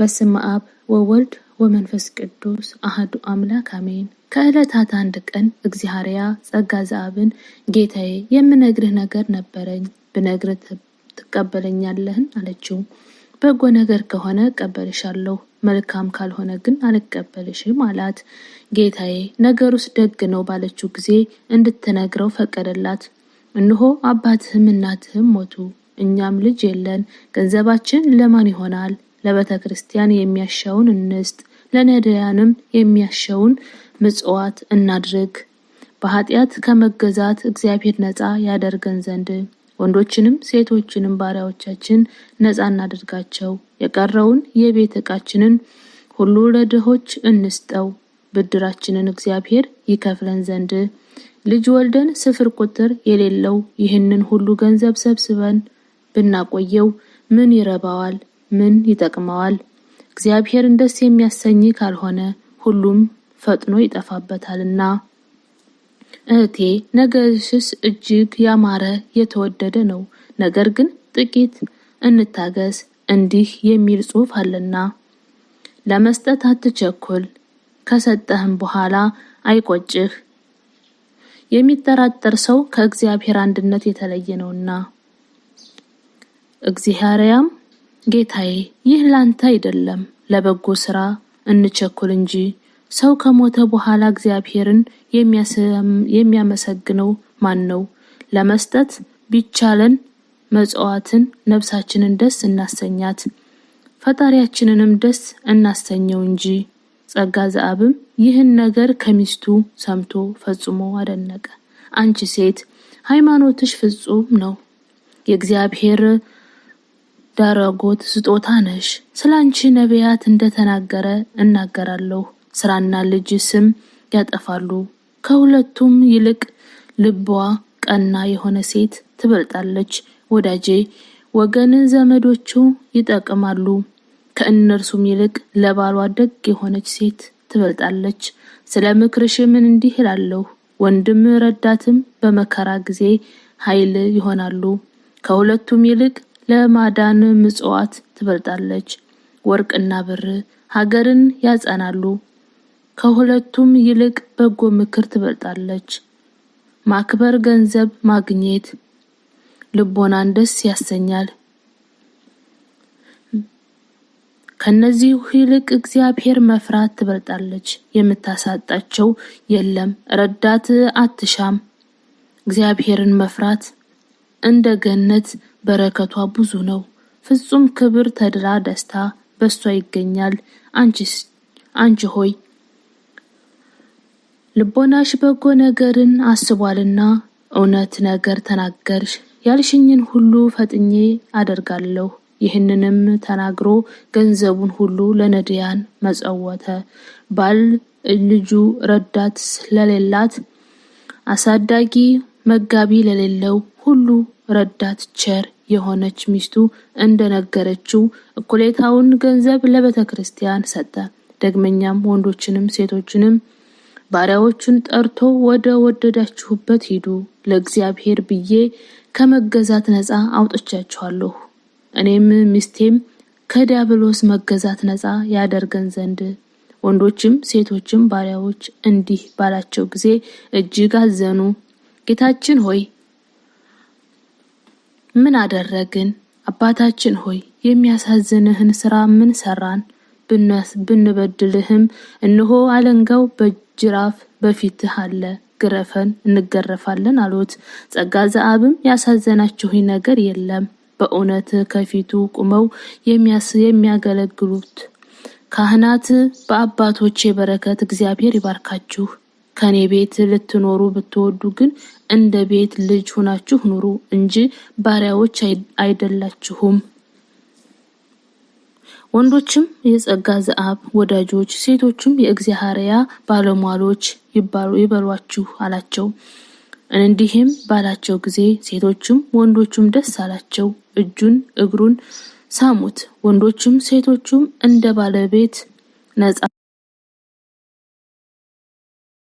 በስመ አብ ወወልድ ወመንፈስ ቅዱስ አህዱ አምላክ አሜን። ከዕለታት አንድ ቀን እግዚአብሔር ጸጋ ዘአብን ጌታዬ የምነግርህ ነገር ነበረኝ ብነግርህ ትቀበለኛለህን? አለችው። በጎ ነገር ከሆነ እቀበልሻለሁ፣ መልካም ካልሆነ ግን አልቀበልሽም አላት። ጌታዬ ነገሩስ ደግ ነው ባለችው ጊዜ እንድትነግረው ፈቀደላት። እነሆ አባትህም እናትህም ሞቱ፣ እኛም ልጅ የለን፣ ገንዘባችን ለማን ይሆናል ለቤተ ክርስቲያን የሚያሻውን እንስጥ፣ ለነዳያንም የሚያሻውን ምጽዋት እናድርግ። በኃጢአት ከመገዛት እግዚአብሔር ነፃ ያደርገን ዘንድ ወንዶችንም ሴቶችንም ባሪያዎቻችን ነፃ እናድርጋቸው። የቀረውን የቤት ዕቃችንን ሁሉ ለድሆች እንስጠው፣ ብድራችንን እግዚአብሔር ይከፍለን ዘንድ። ልጅ ወልደን ስፍር ቁጥር የሌለው ይህንን ሁሉ ገንዘብ ሰብስበን ብናቆየው ምን ይረባዋል? ምን ይጠቅመዋል? እግዚአብሔርን ደስ የሚያሰኝ ካልሆነ ሁሉም ፈጥኖ ይጠፋበታልና። እህቴ ነገርሽስ እጅግ ያማረ የተወደደ ነው። ነገር ግን ጥቂት እንታገስ እንዲህ የሚል ጽሑፍ አለና ለመስጠት አትቸኩል፣ ከሰጠህም በኋላ አይቆጭህ። የሚጠራጠር ሰው ከእግዚአብሔር አንድነት የተለየ ነውና። እግዚአብሔርም ጌታዬ ይህ ላንተ አይደለም፣ ለበጎ ሥራ እንቸኩል እንጂ። ሰው ከሞተ በኋላ እግዚአብሔርን የሚያመሰግነው ማን ነው? ለመስጠት ቢቻለን መጽዋትን ነፍሳችንን ደስ እናሰኛት ፈጣሪያችንንም ደስ እናሰኘው እንጂ። ጸጋ ዘአብም ይህን ነገር ከሚስቱ ሰምቶ ፈጽሞ አደነቀ። አንቺ ሴት ሃይማኖትሽ ፍጹም ነው፣ የእግዚአብሔር ዳረጎት ስጦታ ነሽ። ስለ አንቺ ነቢያት እንደተናገረ እናገራለሁ። ስራና ልጅ ስም ያጠፋሉ። ከሁለቱም ይልቅ ልቧ ቀና የሆነ ሴት ትበልጣለች። ወዳጄ ወገን ዘመዶቹ ይጠቅማሉ። ከእነርሱም ይልቅ ለባሏ ደግ የሆነች ሴት ትበልጣለች። ስለ ምክርሽ ምን እንዲህ እላለሁ። ወንድም ረዳትም በመከራ ጊዜ ኃይል ይሆናሉ። ከሁለቱም ይልቅ ለማዳን ምጽዋት ትበልጣለች። ወርቅና ብር ሀገርን ያጸናሉ፣ ከሁለቱም ይልቅ በጎ ምክር ትበልጣለች። ማክበር ገንዘብ ማግኘት ልቦናን ደስ ያሰኛል። ከነዚህ ይልቅ እግዚአብሔር መፍራት ትበልጣለች። የምታሳጣቸው የለም፣ ረዳት አትሻም። እግዚአብሔርን መፍራት እንደ ገነት በረከቷ ብዙ ነው። ፍጹም ክብር ተድላ ደስታ በእሷ ይገኛል። አንቺስ አንቺ ሆይ ልቦናሽ በጎ ነገርን አስቧልና እውነት ነገር ተናገርሽ። ያልሽኝን ሁሉ ፈጥኜ አደርጋለሁ። ይህንንም ተናግሮ ገንዘቡን ሁሉ ለነዳያን መጸወተ። ባል ልጁ ረዳት ለሌላት አሳዳጊ መጋቢ ለሌለው ሁሉ ረዳት ቸር የሆነች ሚስቱ እንደነገረችው እኩሌታውን ገንዘብ ለቤተ ክርስቲያን ሰጠ። ደግመኛም ወንዶችንም ሴቶችንም ባሪያዎቹን ጠርቶ ወደ ወደዳችሁበት ሂዱ፣ ለእግዚአብሔር ብዬ ከመገዛት ነፃ አውጥቻችኋለሁ። እኔም ሚስቴም ከዲያብሎስ መገዛት ነፃ ያደርገን ዘንድ ወንዶችም ሴቶችም ባሪያዎች እንዲህ ባላቸው ጊዜ እጅግ አዘኑ። ጌታችን ሆይ ምን አደረግን አባታችን ሆይ የሚያሳዝንህን ስራ ምን ሰራን ብንበድልህም እነሆ አለንጋው በጅራፍ በፊትህ አለ ግረፈን እንገረፋለን አሉት። ጸጋ ዘአብም ያሳዘናችሁኝ ነገር የለም በእውነት ከፊቱ ቁመው የሚያገለግሉት ካህናት በአባቶቼ በረከት እግዚአብሔር ይባርካችሁ ከኔ ቤት ልትኖሩ ብትወዱ ግን እንደ ቤት ልጅ ሆናችሁ ኑሩ እንጂ ባሪያዎች አይደላችሁም። ወንዶችም የጸጋ ዘአብ ወዳጆች፣ ሴቶችም የእግዚአብሔርያ ባለሟሎች ይበሏችሁ አላቸው። እንዲህም ባላቸው ጊዜ ሴቶችም ወንዶችም ደስ አላቸው፣ እጁን እግሩን ሳሙት። ወንዶችም ሴቶችም እንደ ባለቤት ነጻ